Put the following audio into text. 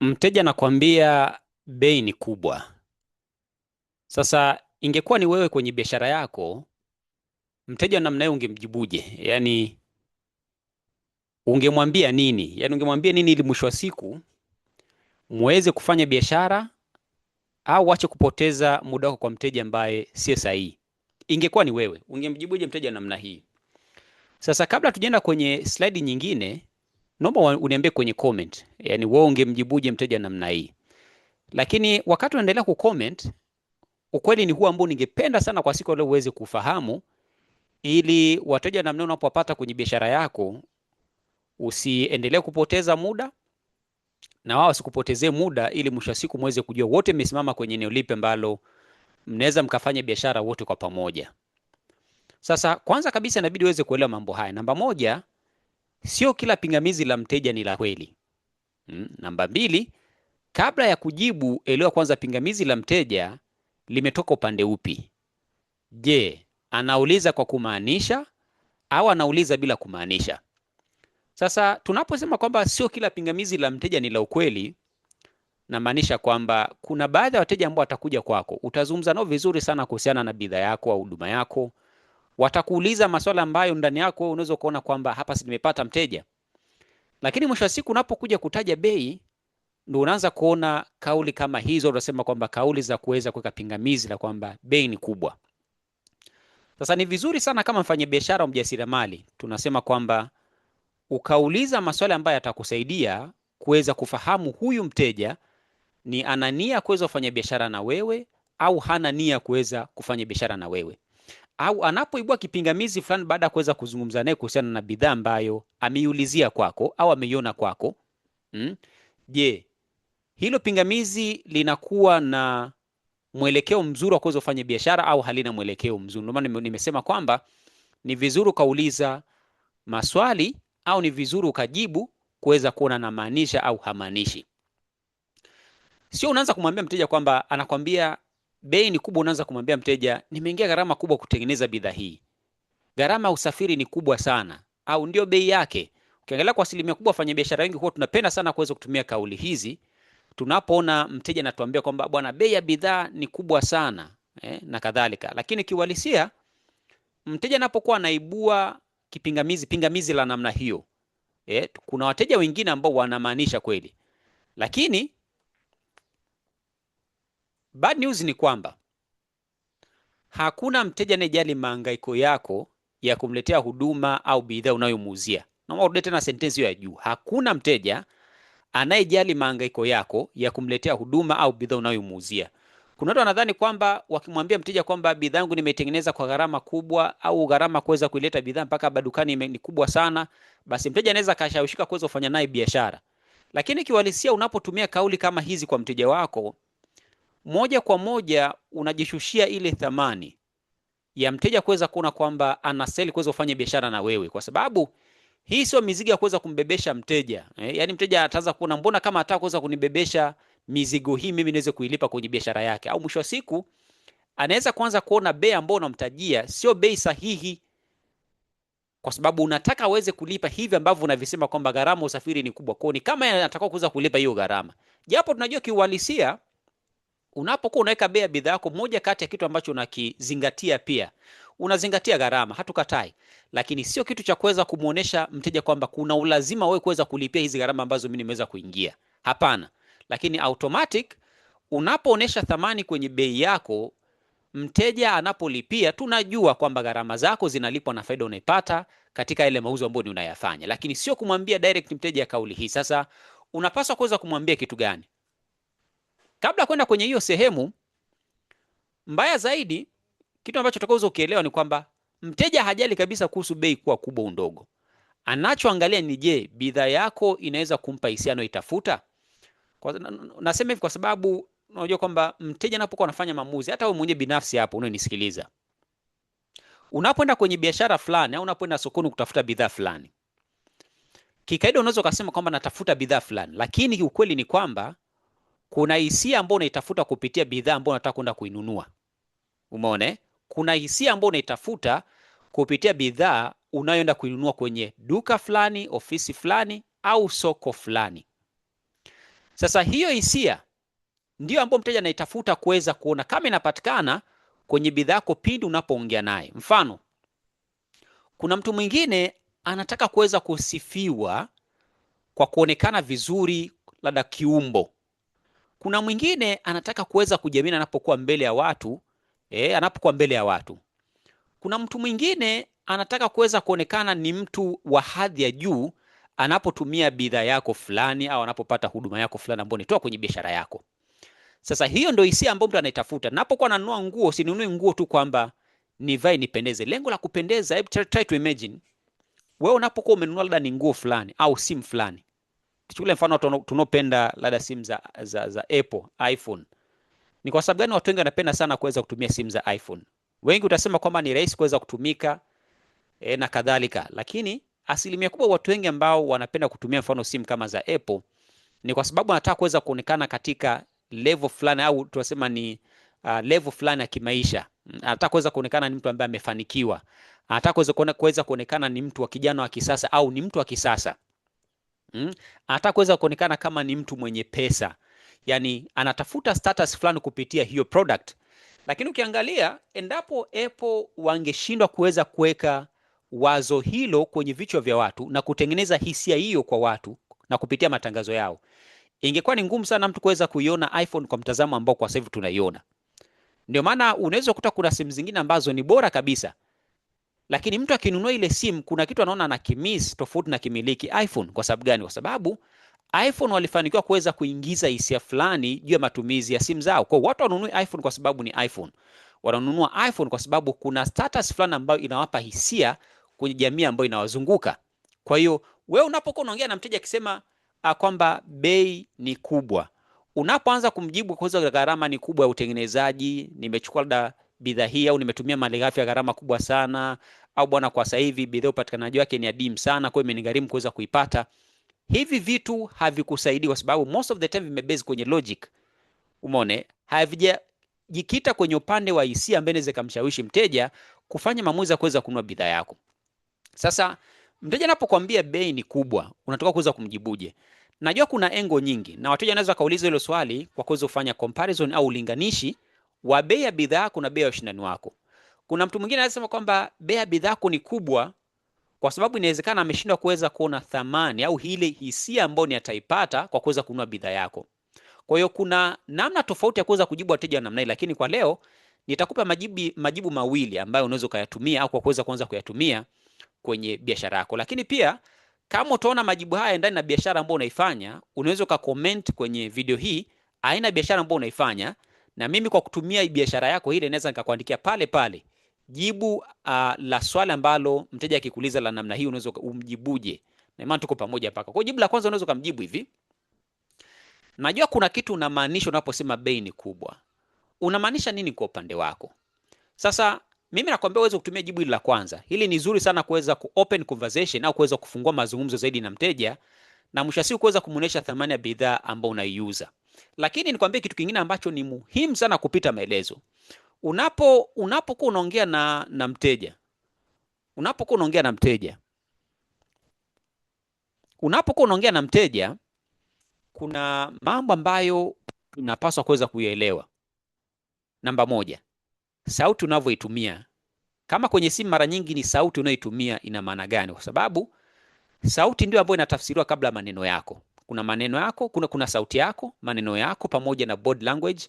mteja anakwambia bei ni kubwa. Sasa ingekuwa ni wewe kwenye biashara yako, mteja namna hiyo ungemjibuje? Yaani ungemwambia nini? Yaani ungemwambia nini ili mwisho wa siku muweze kufanya biashara au wache kupoteza muda wako kwa mteja ambaye si sahihi? Ingekuwa ni wewe ungemjibuje mteja namna hii? Sasa kabla tujaenda kwenye slide nyingine naomba uniambie kwenye comment, yani wewe ungemjibuje mteja namna hii. Lakini wakati unaendelea kucomment, ukweli ni huo ambao ningependa sana kwa siku leo uweze kufahamu, ili wateja namna unapopata kwenye biashara yako usiendelee kupoteza muda na wao wasikupotezee muda, ili mwisho wa siku muweze kujua wote mmesimama kwenye eneo lipi ambalo mnaweza mkafanya biashara wote kwa pamoja. Sasa kwanza kabisa inabidi uweze kuelewa mambo haya. Namba moja, sio kila pingamizi la mteja ni la kweli. Hmm. namba mbili, kabla ya kujibu, elewa kwanza pingamizi la mteja limetoka upande upi. Je, anauliza kwa kumaanisha au anauliza bila kumaanisha? Sasa tunaposema kwamba sio kila pingamizi la mteja ni la ukweli, namaanisha kwamba kuna baadhi ya wateja ambao watakuja kwako, utazungumza nao vizuri sana kuhusiana na bidhaa yako au huduma yako, watakuuliza maswala ambayo ndani yako wewe unaweza kuona kwamba hapa si nimepata mteja, lakini mwisho wa siku unapokuja kutaja bei ndo unaanza kuona kauli kama hizo, unasema kwamba kauli za kuweza kuweka pingamizi la kwamba bei ni kubwa. Sasa ni vizuri sana kama mfanyabiashara mjasiriamali, tunasema kwamba ukauliza maswali ambayo yatakusaidia kuweza kufahamu huyu mteja ni ana nia kuweza kufanya biashara na wewe au hana nia kuweza kufanya biashara na wewe au anapoibua kipingamizi fulani baada ya kuweza kuzungumza naye kuhusiana na bidhaa ambayo ameiulizia kwako au ameiona kwako mm? Je, hilo pingamizi linakuwa na mwelekeo mzuri wa kuweza kufanya biashara au halina mwelekeo mzuri? Ndio maana nimesema kwamba ni vizuri ukauliza maswali au ni vizuri ukajibu kuweza kuona namaanisha au hamaanishi. Sio unaanza kumwambia mteja kwamba anakwambia bei ni kubwa, unaanza kumwambia mteja, nimeingia gharama kubwa kutengeneza bidhaa hii, gharama ya usafiri ni kubwa sana, au ndio bei yake? Ukiangalia kwa asilimia kubwa, wafanyabiashara wengi huwa tunapenda sana kuweza kutumia kauli hizi tunapoona mteja anatuambia kwamba bwana, bei ya bidhaa ni kubwa sana eh, na kadhalika. Lakini kiuhalisia mteja anapokuwa anaibua kipingamizi pingamizi la namna hiyo eh, kuna wateja wengine ambao wanamaanisha kweli, lakini Bad news ni kwamba hakuna mteja anayejali mahangaiko yako ya kumletea huduma au bidhaa unayomuuzia. Naomba urudie tena sentensi hiyo ya juu. Hakuna mteja anayejali mahangaiko yako ya kumletea huduma au bidhaa unayomuuzia. Kuna watu wanadhani kwamba wakimwambia mteja kwamba bidhaa yangu nimeitengeneza kwa gharama kubwa au gharama kuweza kuileta bidhaa mpaka hapa dukani ni kubwa sana, basi mteja anaweza akashawishika kuweza kufanya naye biashara. Lakini kiuhalisia, unapotumia kauli kama hizi kwa mteja wako moja kwa moja unajishushia ile thamani ya mteja kuweza kuona kwamba anaseli kuweza kufanya biashara na wewe, kwa sababu hii sio mizigo ya kuweza kumbebesha mteja eh. Yani mteja ataanza kuona mbona kama ataka kuweza kunibebesha mizigo hii mimi niweze kuilipa kwenye biashara yake, au mwisho wa siku anaweza kuanza kuona bei ambayo unamtajia sio bei sahihi, kwa sababu unataka aweze kulipa hivi ambavyo unavisema kwamba gharama usafiri ni kubwa, kwao ni kama anatakiwa kuweza kulipa hiyo gharama, japo tunajua kiuhalisia unapokuwa unaweka bei ya bidhaa yako, moja kati ya kitu ambacho unakizingatia pia unazingatia gharama, hatukatai, lakini sio kitu cha kuweza kumwonyesha mteja kwamba kuna ulazima wewe kuweza kulipia hizi gharama ambazo mimi nimeweza kuingia. Hapana, lakini automatic unapoonyesha thamani kwenye bei yako, mteja anapolipia, tunajua kwamba gharama zako zinalipwa na faida unaipata katika ile mauzo ambayo ni unayafanya, lakini sio kumwambia direct mteja kauli hii. Sasa unapaswa kuweza kumwambia kitu gani? Kabla kwenda kwenye hiyo sehemu mbaya zaidi, kitu ambacho utakaweza ukielewa ni kwamba mteja hajali kabisa kuhusu bei kuwa kubwa undogo. Anachoangalia ni je, bidhaa yako inaweza kumpa hisia anayoitafuta. Nasema hivi kwa sababu unajua kwamba mteja anapokuwa anafanya maamuzi, hata wewe mwenyewe binafsi hapo unayenisikiliza, unapoenda kwenye biashara fulani au unapoenda sokoni kutafuta bidhaa fulani, kikaida unaweza ukasema kwamba natafuta bidhaa fulani, lakini ukweli ni kwamba kuna hisia ambayo unaitafuta kupitia bidhaa ambayo unataka kwenda kuinunua. Umeona eh? Kuna hisia ambayo unaitafuta kupitia bidhaa unayoenda kuinunua kwenye duka fulani, ofisi fulani au soko fulani. Sasa hiyo hisia ndio ambayo mteja anaitafuta kuweza kuona kama inapatikana kwenye bidhaa yako pindi unapoongea naye. Mfano, kuna mtu mwingine anataka kuweza kusifiwa kwa kuonekana vizuri, labda kiumbo kuna mwingine anataka kuweza kujiamini anapokuwa mbele ya watu eh, anapokuwa mbele ya watu. Kuna mtu mwingine anataka kuweza kuonekana ni mtu wa hadhi ya juu anapotumia bidhaa yako fulani au anapopata huduma yako fulani ambayo unitoa kwenye biashara yako. Sasa hiyo ndio hisia ambayo mtu anaitafuta. Napokuwa nanunua nguo, sinunui nguo tu kwamba nivae nipendeze. Lengo la kupendeza, hebu try to imagine wewe unapokuwa umenunua labda ni nguo fulani au simu fulani, tuchukulie mfano tunaopenda labda simu za, za, za Apple iPhone. Ni kwa sababu gani watu wengi wanapenda sana kuweza kutumia simu za iPhone? Wengi utasema kwamba ni rahisi kuweza kutumika e, na kadhalika, lakini asilimia kubwa watu wengi ambao wanapenda kutumia mfano simu kama za Apple ni kwa sababu wanataka kuweza kuonekana katika level fulani au tunasema ni uh, level fulani ya kimaisha. Anataka kuweza kuonekana ni mtu ambaye amefanikiwa, anataka kuweza kuonekana ni mtu wa kijana wa kisasa au ni mtu wa kisasa mm, anataka kuweza kuonekana kama ni mtu mwenye pesa, yani anatafuta status fulani kupitia hiyo product. Lakini ukiangalia, endapo Apple wangeshindwa kuweza kuweka wazo hilo kwenye vichwa vya watu na kutengeneza hisia hiyo kwa watu na kupitia matangazo yao, ingekuwa ni ngumu sana mtu kuweza kuiona iPhone kwa mtazamo ambao kwa sasa hivi tunaiona. Ndio maana unaweza kuta kuna simu zingine ambazo ni bora kabisa lakini mtu akinunua ile simu kuna kitu anaona kimis tofauti na kimiliki iPhone. Kwa sababu gani? Kwa sababu iPhone walifanikiwa kuweza kuingiza hisia fulani juu ya matumizi ya simu zao. Kwa watu wanunui iPhone kwa sababu ni iPhone, wananunua iPhone kwa sababu kuna status fulani ambayo inawapa hisia kwenye jamii ambayo inawazunguka. Kwa hiyo wewe unapokuwa unaongea na mteja akisema ah, kwamba bei ni kubwa, unapoanza kumjibu kuuza, gharama ni kubwa ya utengenezaji, nimechukua labda bidhaa hii au nimetumia malighafi ya gharama kubwa sana au bwana, kwa sasa hivi bidhaa upatikanaji wake ni adimu sana, kwa hiyo imenigharimu kuweza kuipata. Hivi vitu havikusaidii kwa sababu most of the time vimebase kwenye logic, umeone, havijajikita kwenye upande wa hisia ambaye inaweza kumshawishi mteja kufanya maamuzi ya kuweza kununua bidhaa yako. Sasa mteja anapokuambia bei ni kubwa, unatoka kuweza kumjibuje? Najua kuna engo nyingi na wateja wanaweza kauliza hilo swali kwa kuweza kufanya comparison au ulinganishi wa bei ya bidhaa yako na bei ya ushindani wako. Kuna mtu mwingine anasema kwamba bea bidhaa yako ni kubwa kwa sababu inawezekana ameshindwa kuweza kuona thamani au ile hisia ambayo ni ataipata kwa kuweza kununua bidhaa yako. Kwa hiyo kuna namna tofauti ya kuweza kujibu wateja wa namna hii, lakini kwa leo nitakupa majibu, majibu mawili ambayo unaweza ukayatumia au kwa kuweza kuanza kuyatumia kwenye biashara yako. Lakini pia kama utaona majibu haya ndani na biashara ambayo unaifanya, unaweza ukakoment kwenye video hii aina ya biashara ambayo unaifanya, na mimi kwa kutumia biashara yako ile naweza nikakuandikia pale pale jibu uh, la swali ambalo mteja akikuuliza la namna hii unaweza umjibuje? Na maana tuko pamoja paka. Kwa jibu la kwanza unaweza kumjibu hivi. Najua kuna kitu unamaanisha unaposema bei ni kubwa. Unamaanisha nini kwa upande wako? Sasa mimi nakwambia uweze kutumia jibu hili la kwanza. Hili ni zuri sana kuweza ku open conversation au kuweza kufungua mazungumzo zaidi na mteja na mwisho siku kuweza kumuonesha thamani ya bidhaa ambayo unaiuza. Lakini nikwambie kitu kingine ambacho ni muhimu sana kupita maelezo unapo unapokuwa unaongea na, na mteja unapokuwa unaongea na mteja unapokuwa unaongea na mteja, kuna mambo ambayo tunapaswa kuweza kuyaelewa. Namba moja, sauti unavyoitumia. Kama kwenye simu, mara nyingi ni sauti unayoitumia ina maana gani? Kwa sababu sauti ndio ambayo inatafsiriwa kabla maneno yako. Kuna maneno yako, kuna kuna sauti yako, maneno yako pamoja na body language